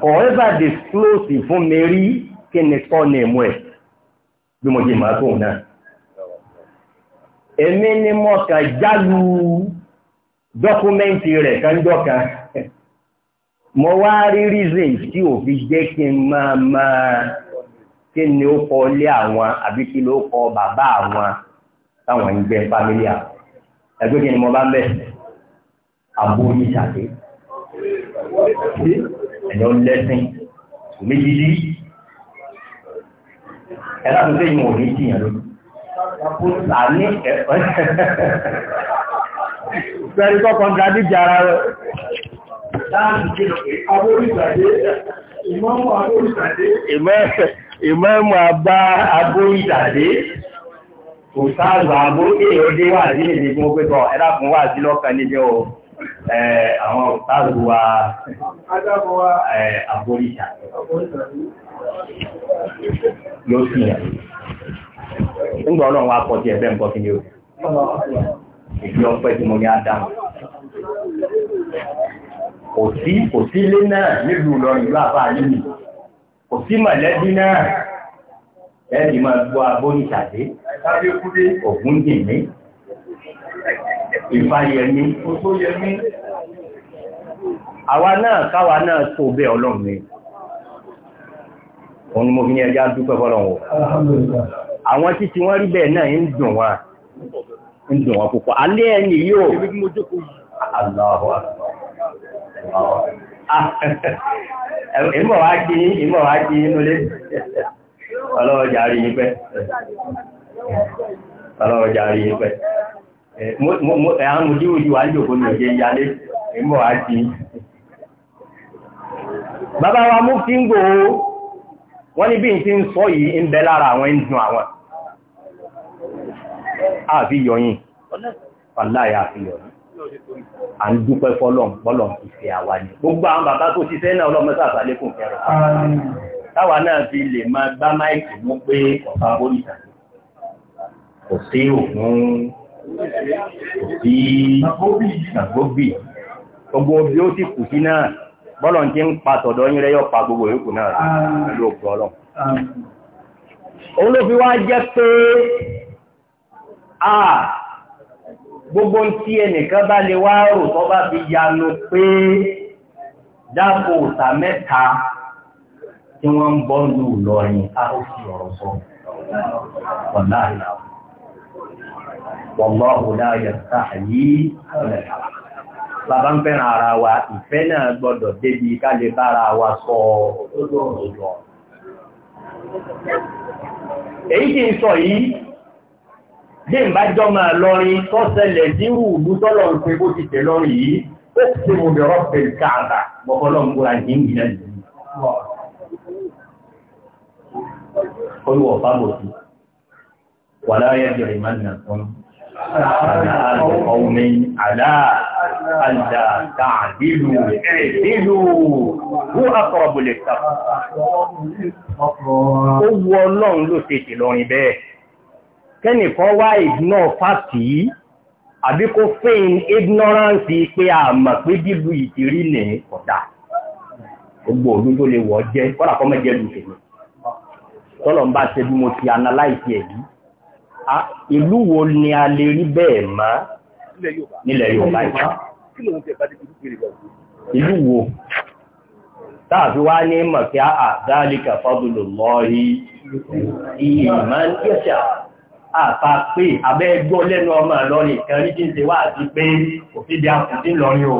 however disclose fún mi rí kí ni sọ ní ìmú ẹ̀ bí mo jẹ màá tóun náà èmi ni mo kàn jálu dọ́kúmẹ́ǹtì rẹ̀ kánjọ́ kan mo wá rí reason tí ò fi jẹ́ kí n máa máa kí ni ó kọ ilé àwọn àbí kí ló kọ bàbá àwọn táwọn ń jẹ fámílì àwọn ẹgbẹ́ kí ni mo bá ń bẹ̀ àbó ìṣàdé ẹ̀yọ́ lẹ́sìn méjìlí ẹ̀rọ tó fẹ́ yìí wọ̀n ní tìyàn lójú àní ẹ̀fọ́ fẹ́rí kọ́ kọ́ńtàdé jara rẹ̀ láàrín kí lọ pé ìmọ̀ọ́mù abá abóyìndàdé kò sáàzà abó èèdè wà sí èdè fún pẹ́tọ̀ ẹ̀dá fún wà sí lọ́kàn níbi ọ̀ àwọn òtáàzù wa abóyìndà ló sì yà nígbà ọlọ́run wa pọ̀ sí ẹ̀bẹ́ nǹkan kí ni ó ìdí ọpẹ́ tí mo ní ádámù kò sí kò sí ilé náà nílùú lọ ìlú àbá yìí kò sí mọ̀lẹ́bí náà ẹ̀ẹ́dì máa gbọ́ abóyìntàdé ògúndìní ìfàyẹmí àwa náà káwa náà tó bẹ́ ọlọ́run òun ni mo fi ní ẹjá dúpẹ́ fọ́lọ́wọ́ àwọn títí wọ́n rí bẹ́ẹ̀ náà ń dùn wá ń dùn wá púpọ̀ alẹ́ ẹni yóò Allahu Akbar ìmọ̀ wá kí ìmọ̀ wá kí inú lé jàrí ipẹ́ ọlọ́wọ́ jàrí ipẹ́ àwọn mùdíwùdí wà ń jòkó ní òjé ìyálé ìmọ̀ wá kí bàbá wa mú kí ń gbòó wọ́n ní bí n ti ń sọ yìí ń bẹ lára àwọn àwọn àfihàn yìí à ń dúpẹ́ fọ́lọ̀ pọ́lọ̀ ti fẹ́ àwa ni gbogbo àwọn bàbá tó ti fẹ́ náà ọlọ́mọta àtàlékùn fẹ́rẹ̀ táwa náà fi lè máa gbá máìkì mú pé ọ̀fà bóyìí kò sí òun kò sí àgbóbì gbogbo bí ó ti kù sí náà bọ́lọ̀ ti ń pa tọ̀dọ̀ yín rẹ̀ yọ pa gbogbo yòókù náà ló gbọ́ òun ló fi wá jẹ́ pé a gbogbo tí ẹnìkan bá lè wá rò tó bá fi yanu pé dápò òta mẹ́ta tí wọ́n ń bọ́ lù lọ́rin a ó fi ọ̀rọ̀ sọ ọ̀lá wọ̀lọ́hù láyé sáàyí bàbá ń fẹ́ràn ara wa ìfẹ́ náà gbọ́dọ̀ débi ká lè bára wa sọ ọ̀rọ̀ èyí tí ń sọ yìí bí n bá jọ máa lọrin tó ṣẹlẹ̀ nírú ìlú tọ́lọ̀ ń pe bó ti tẹ̀ lọ́rin yìí ó ti mú bẹ̀rọ̀ pẹ̀lú káàbà bọ́kọ́lọ́ ń gbọ́ra ní ìyá yìí. Olúwa ọ̀fà bò sí. Wà láyé jọ ìmánà kan. قوم على ألا تعدلوا اعدلوا هو أقرب للتقوى. Ó wọ ọlọ́run ló ṣe ìlọrin bẹ́ẹ̀. kẹ́nìkan wá ìdúná fàtì yìí àbí kó ignorance pé a mọ̀ pé bíbu ìtìrí nì kọ̀dá. gbogbo òdu tó lè wọ̀ jẹ́ kọ́dà kọ́ mẹ́jẹ lù tèmi tọ́lọ̀ ń bá ṣe bí mo ti analyze ẹ̀ yìí wo ni a lè rí bẹ́ẹ̀ mọ́ nílẹ̀ Yorùbá ìlú wo wá ní mọ̀ kí a ìmọ̀ àpá pé abẹ́ ẹgbọ́ lẹ́nu ọmọ lọ́rin kan rí kí n ṣe wá àti pé òfin bí akùn sí lọ́rin o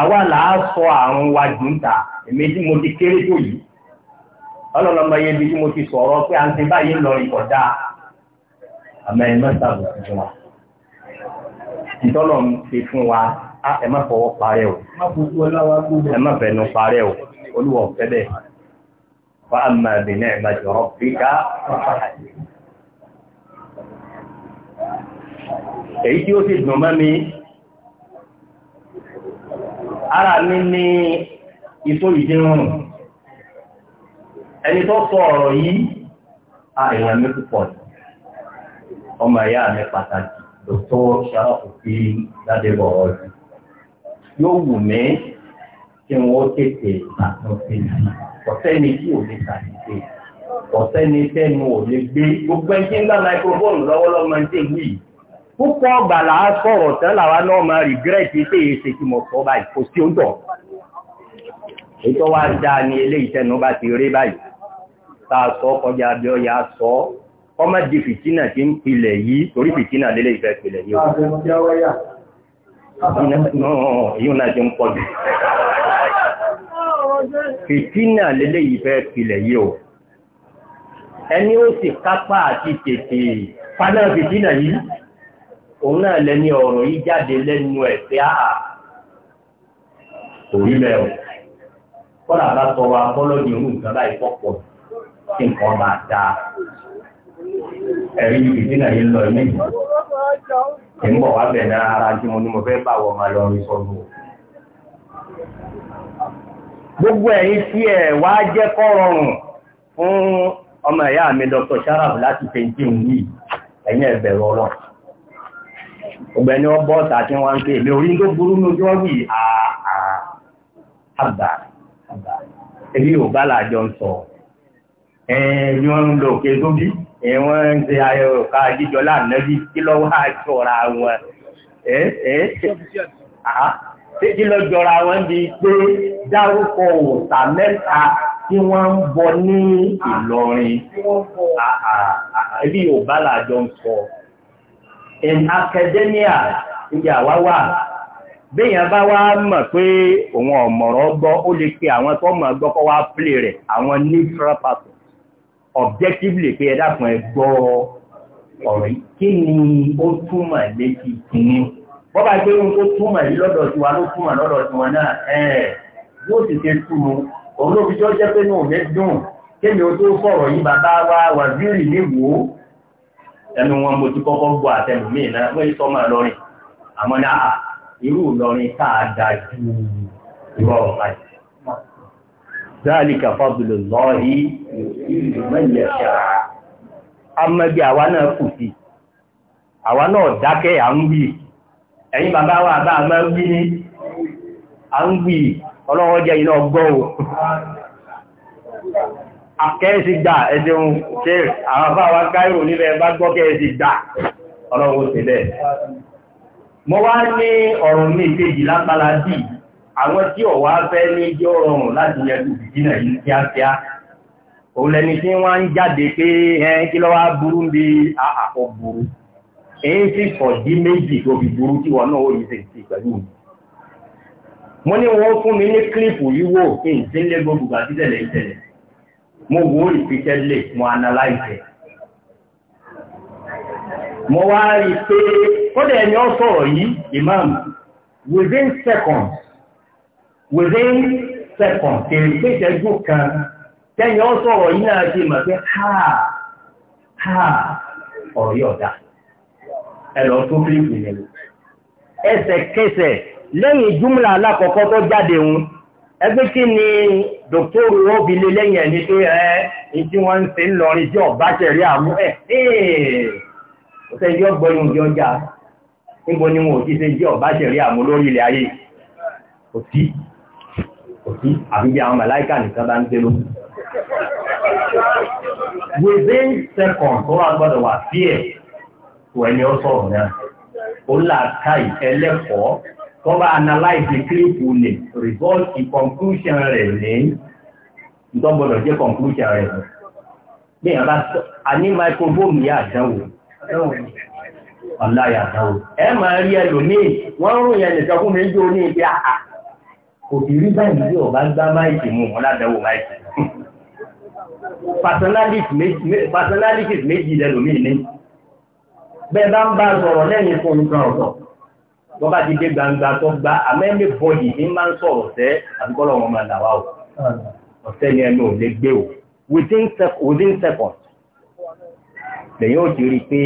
àwa làá sọ àrùn wa jù ń ta tí mo ti kéré tó yìí ọlọ́lọ́mọ yẹn bí mo ti sọ̀rọ̀ pé à ń ṣe lọ́rin kọ̀dá wa amma bi ni'mati rabbika èyí tí ó sì dùn mọ́ mi ara mi ní iṣó ìdírùn ẹni tó sọ ọ̀rọ̀ yìí àìyàn mi púpọ̀ ọmọ ẹ̀yà mi pàtàkì lòtọ́ ṣàròfin ládébọ̀ ọ̀rọ̀ yóò wù mí kí wọ́n tètè àtúnṣe ọ̀sẹ́ni tí ò ọ̀sẹ́ni tẹ́nu ò gbé gbogbo máikrófóònù púpọ̀ bàlá sọ̀rọ̀ tán làwa náà máa rìgírẹ́tì pé èyí ṣe kí mo sọ báyìí kò sí oúnjẹ ètò wa dáa ní ilé ìtẹnu bá ti rí báyìí a sọ kọjá bí ó yà sọ ọmọ di fìtínà tí ń pilẹ̀ yìí torí fìtínà lélẹ̀ ìfẹ́ pilẹ̀ yìí o ẹni ó sì kápá àti tètè fádà fìtínà yìí òun náà ọ̀rọ̀ jáde lẹ́nu àà o kọ́lá bá tọrọ akọ́lọ́dì irú báyìí pọ̀pọ̀ kí nǹkan máa dáa ẹ̀rí ìdí náà yìí lọ ilé yìí ń bọ̀ wá bẹ̀ náà ara mo ní gbogbo ẹ̀ wá jẹ́ ọmọ ìyá mi Dr. Sharaf láti yìí ọlọ́run. ọgbẹ̀ ni wọ́n bọ́ọ̀tà tí wọ́n ń pè mí orí tó burú ní ojú ọ̀gbì àbà èyí ò bá làjọ ń sọ ẹni wọ́n ń lo òkè gómí wọ́n ń ṣe ayọ̀ká jíjọ láàrín kí lọ́wọ́ àjọra wọn kí lọ jọra wọn di pé dárúkọ òòtà mẹ́ta tí wọ́n ń bọ ní Ìlọrin ẹbí ò bá làjọ ń sọ. in academia ìyà wá wà béèyàn bá wá mọ̀ pé òun ọ̀mọ̀rọ̀ ó lè pe àwọn tó mọ̀ gbọ́ kọ́ wá play rẹ̀ àwọn neutral person objectively pé ẹdàkùn kan ẹ kí ni ó túmọ̀ létí kìíní bọ́bá gbé ohun tó túmọ̀ yìí lọ́dọ̀ ló lọ́dọ̀ náà ẹ̀ sì ṣe òun ló fi jọ́ jẹ́ pé ẹnu wọn mo ti kọ́kọ́ gbọ́ àtẹnumí náà wọ́n yìí sọ́mọ lọ́rin àmọ́ ní àà ah, irú lọ́rin táà ju irọ́ ọ̀la yìí. ذلك فضل الله من awa awa a kẹ́ẹ̀sì gbà ẹjẹun ṣe àwọn afáwà káírò nílẹ̀ bá gbọ́ kẹ́ẹ̀sì gbà ọlọ́wọ́ sí lẹ̀. mo wá ní ọ̀rọ̀ mi kejì lápálá bí àwọn tí ọ̀wá fẹ́ ní jẹ́ ọ̀rọ̀rùn láti yẹjú ìdínà yìí kíákíá òun lẹni tí wọ́n ń jáde pé ẹn kí lọ́wọ́ burú bí àpọ̀ burú èyí sì pọ̀ dí mo ní wọ́n fún mi ní kílípù yíwò kí n sí lé gbogbo àtìtẹ̀lẹ̀ ìtẹ̀lẹ̀ mo wo ìfisẹ́ mo analyze mo wá rí pé kódà ẹni ọ sọ̀rọ̀ yìí imam within seconds within seconds kèrè pé ìṣẹ́jú kan tẹ́yìn ọ sọ̀rọ̀ yìí náà ti mọ̀ pé ha ha ọ̀rọ̀ yóò dá ẹ lọ tó fílípù nílò ẹsẹ̀kẹsẹ̀ lẹ́yìn júmùlà alákọ̀ọ́kọ́ tó jáde òun ẹgbẹ́ kí ni dòktóru obì lè lẹ́yìn ẹni tó ẹ ní tí wọ́n ń ṣe ń lọrin tí ọba ṣẹ̀rí àmú ẹ̀ ó sẹ́ ní ọgbọ́nù ìjọ ọjà níbo ni wọn ò ti ṣe jẹ́ ọba ṣẹ̀rí àmú lórí ilẹ̀ ayé kò sí kò àwọn màláìkà nìkan bá ń ṣe ló. within seconds ó wà gbọ́dọ̀ wà fíẹ̀ tó ẹni ó sọ̀rọ̀ náà ó là ká ìtẹ́lẹ̀kọ̀ọ́ kọ́ bá analyze kílípù lè result in conclusion rẹ̀ ní ìtọ́gbọ́dọ̀ jẹ́ conclusion rẹ̀ bí èèyàn bá a ní microphone Allah ya ọ̀láyà àdánwò ẹ máa rí ẹlòmíì wọ́n rún yẹn nìkan fún mi jó ní ibi àhà òbí rí báyìí bí ọba gbá máìkì mú wọn ládánwò máìkì personalities méjì lẹ́lòmíì ní bẹ́ẹ̀ bá ń bá sọ̀rọ̀ lẹ́yìn fún nǹkan ọ̀sọ̀ wọ́n bá ti dé gbangba tó gba àmẹ́mí bọ́ọ̀lì ní máa ń sọ̀rọ̀ sẹ́ àbíkọ́lọ̀ wọn máa dàwà o ọ̀sẹ́ ni ẹnu ò lè gbé o within seconds lẹ́yìn ó ti rí pé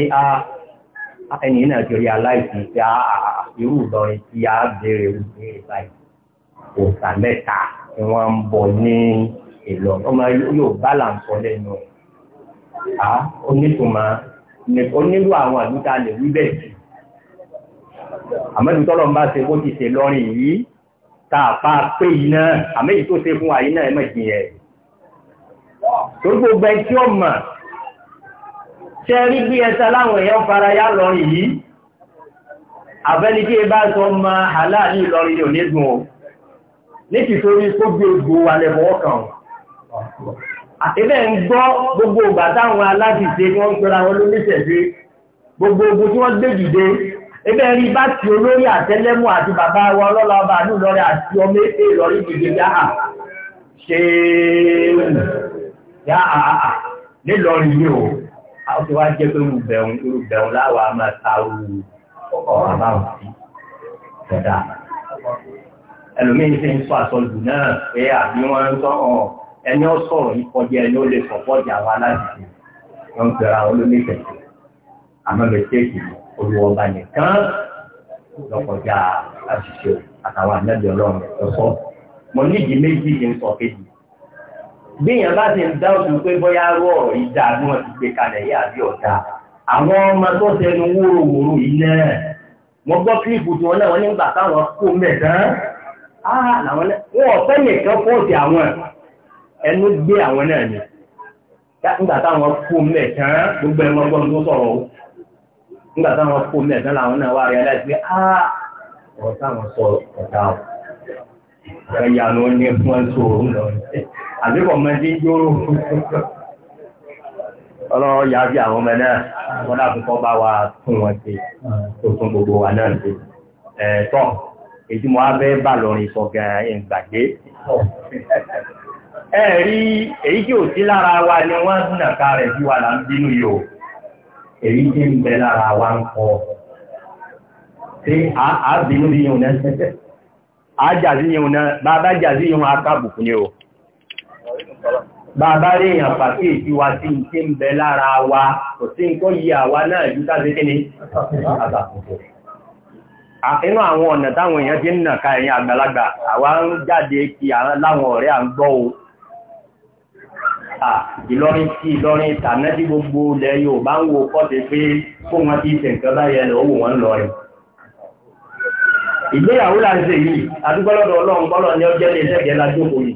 ẹni náà ti rí aláìsí a irú Ìlọrin tí a béèrè ìbéèrè báyìí òòsà mẹ́ta ni wọ́n ń bọ̀ ní Ìlọrin ọmọ yóò balance ọ lẹ́nu ẹ̀ onítùmọ̀ onílù àwọn àdúgbò alẹ́ wíbẹ̀ sí àmọ́jú tọ́lọ̀ ń bá ṣe bó ti ṣe lọ́rin yìí tààpá pé iná àmẹ́yì tó ṣe fún àyíná ẹ̀mọ̀ ìjìyàn ẹ̀ tó gbogbo ẹ̀ tí ó mọ̀ ṣe rí bí ẹta láwọn èèyàn fara yá lọ́rin yìí àfẹ́nijé bá sọ ma aláàrí lọ́rin ò nígun o ní ti torí tó gbé gbò alẹ́bọ̀ọ́ kan àtẹ́bẹ̀ ń gbọ́ gbogbo ìgbà táwọn aláṣìṣe tí wọ́n ń pera wọn ló níṣẹ̀ṣe gbogbo ogun tí wọ́n gbé dìde ebe rí bá ti olórí àtẹlẹmú àti bàbá wa ọlọ́lá ọba àánú lọ́rẹ àti ọmọ ètè lọ́rí gbèdé yáà ṣe yáà nílọrin yìí o àwọn tí wá jẹ́ pé rúbẹ̀un rúbẹ̀un láwà máa ta ọ̀rọ̀ àbáwọn sí ọ̀dà ẹlòmíín ṣe ń sọ àsọlù náà pé àbí wọ́n ń sọ ọ̀ ẹni ó sọ̀rọ̀ yìí kọjá ẹni ó lè sọ̀pọ̀ jà wá láti ṣe wọ́n ń pẹ̀rọ àwọn olómìnira àmọ́ teki olùwọ̀n ọba nìkan lọ́kọjá àṣìṣe àtàwọn ànábì ọlọ́run lọ́sọ́ mo nídìí méjì ní sọ kejì gbìyàn bá ti ń dá òtún pé yìí dáa ti gbé yìí àbí àwọn ọmọ tó wúrowúro yìí náà kílípù tí náà nígbà táwọn kó án làwọn náà nìkan àwọn ẹnu gbé nígbà táwọn kó mẹ́ẹ̀ẹ́dán làwọn náà wá rí aláìsí pé á ah! ọ̀rọ̀ táwọn sọ ọ̀tá ọ̀ ẹ̀yà ló ní fún ẹ̀ sòrò lọ àbíkọ̀ mẹ́tí yóró ọlọ́rọ̀ yá sí àwọn ọmọ náà wọ́n dà fún bá wa fún wọn ṣe tó tún gbogbo wa náà ṣe ẹ̀ẹ́tọ́ èyí mo á fẹ́ bà lọ́rin sọ gan-an ẹ̀ ń èyí tí ò sí lára wa ni wọ́n ń nàka rẹ̀ sí wa là ń bínú yìí o. èyí tí ń bẹ lára wa ń kọ tí a bínú bí yíò náà ṣẹ̀ṣẹ̀ a náà bàbá jàzí yíò akábùkù ni o bàbá rí èèyàn pàtí èsì wa tí ń tí ń bẹ lára wa kò sí nǹkan yí àwa náà ni inú àwọn ọ̀nà táwọn èèyàn ti ń nà ká ẹ̀yìn àgbàlagbà àwa ń jáde kí láwọn ọ̀rẹ́ à ń gbọ́ ìlọrin sí ìlọrin tànẹ́bí gbogbo ilẹ̀ Yorùbá ń wo kọ́tẹ̀ pé kó wọn ti ṣe nǹkan báyẹn lọ wò wọn lọrin ìgbéyàwó là ń ṣe yìí adúgbọ́lọ́dọ̀ ọlọ́run bọ́lọ̀ ni ó jẹ́ lè ṣẹ́gẹ́ lájókòó yìí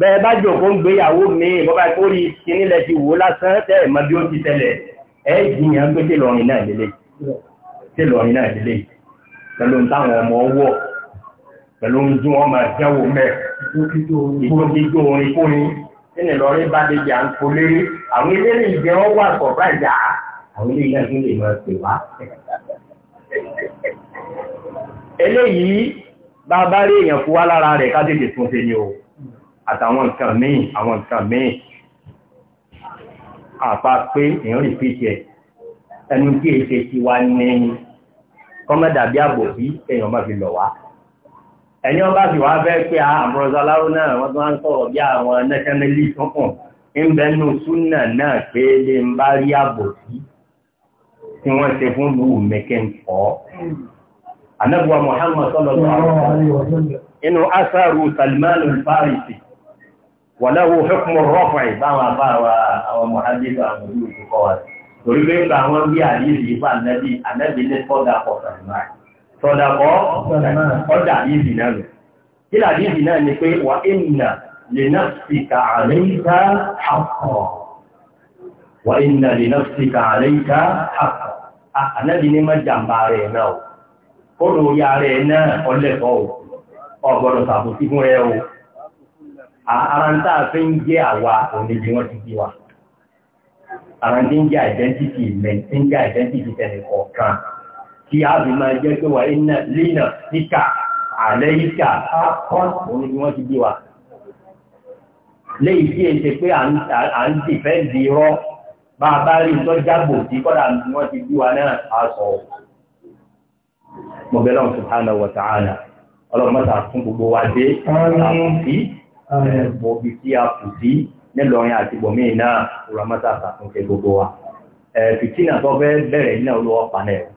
bẹ́ẹ̀ bá jòkó ń gbéyàwó mi bọ́bá ìkórí kínílẹ̀ ti wò lásán tẹ́ ẹ̀mọ́ bí ó ti tẹ́lẹ̀ ẹ́ jìyàn pé tẹ́lọ̀rin náà lélẹ̀ pẹ̀lú táwọn ọmọ ọwọ́ pẹ̀lú ohun tí wọ́n máa jẹ́wò mẹ́ ìjókòjó orin fúnni nínú ìlọrin bá débi à ń kó lérí àwọn eléré ìjẹ́ wọ́n wà sọ̀rọ̀ ìjà àwọn ilé iná tó lè máa pè wá. eléyìí bá a bá rí èèyàn fún wa lára rẹ̀ ká tètè tún ṣe ni o àtàwọn nǹkan míì àwọn nǹkan míì àpá pé èèyàn rí fíjẹ ẹnu tí èsè ti wá ní kọ́mọ́dàbí àbòbí èèyàn má fi lọ wá ẹni ọba sì wá fẹ́ pé àmọ́sáláró náà wọ́n tó ń sọ̀rọ̀ bí àwọn nẹ́ṣẹ́mẹ́lì tuntun ń bẹnu súnà náà pé lè ń bá rí àbòsí tí wọ́n ṣe fún lùú mẹ́kẹ́ ń fọ́. Anábùwà Muhammad sallallahu alaihi wa sallam inú asáru Salman al-Farisi wà Torí pé ń bá wọn bí àdìsí ìfà ànábì ànábì lè fọ́dà pọ̀ Salman sọ̀dàkọ́ ọ̀dà yìí náà rẹ̀. Kí làdíjì náà ni pé wà ìnà lè náà sí ka àríkà àpọ̀. Wà ìnà lè náà sí ka àríkà àpọ̀. Ànábi ní má jàmbá rẹ̀ náà. Ó rò ya rẹ̀ náà ọlẹ́kọ̀ o. Ọ̀gbọ́dọ̀ sàbòsí fún kí a bí máa jẹ́ pé wà iná lẹ́nà níkà àlẹ́ ìkà akọ́ òun ni wọ́n ti bí wa léyìí tí èsè pé à ń dìfẹ́ǹdì rọ́ bá a bá rí nǹkan jágbò tí kọ́dà ni wọ́n ti bí wa náà sọ mo bẹ̀rẹ̀ àti bòmíì náà ọlọ́mọ́ta fún gbogbo wa fìtínà tó fẹ́ bẹ̀rẹ̀ náà olówó panẹ́ẹ̀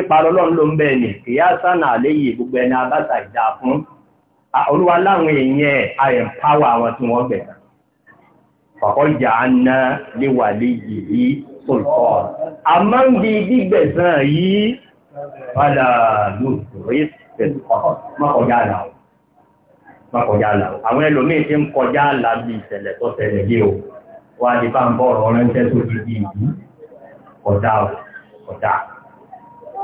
ìparọ́ lọ́n ló ń bẹ̀ ní kìyà sánà àléyè gbogbo ẹni abáta ìjà fún olúwa láwọn èèyàn ẹ̀ àyẹ̀ pàwọ̀ àwọn tí wọ́n bẹ̀ ọ̀kọ́jà aná léwà léyè yìí sọ̀tọ̀ àmọ́ ń bi gbígbẹ̀sán yìí padà lóòótọ́ mọ́kànjá là ó mọ́kànjá là àwọn ẹlòmíín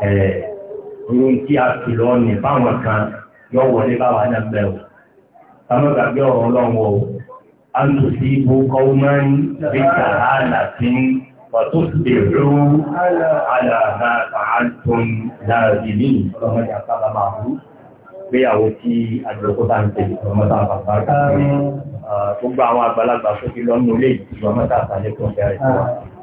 ohun tí a fi lọ ní báwọn kan yọ wọlé báwa náà bẹ̀ o táwọn gbàgbé ọ̀rọ̀ ọlọ́run o a ń tò sí ibú kọ́wọ́ máa ń bí sàrà láti wàtò bèrè alàgbà àtún láàrínì ọlọ́mọdé àpáta máa rú gbéyàwó tí àjọkọ́ bá ń tẹ̀lé ọmọdé àpapọ̀ àti gbogbo àwọn àgbàlagbà fún ìlọ́nà olè ìjọba mọ́ta àtàlẹ́kọ̀ọ́ bẹ̀rẹ̀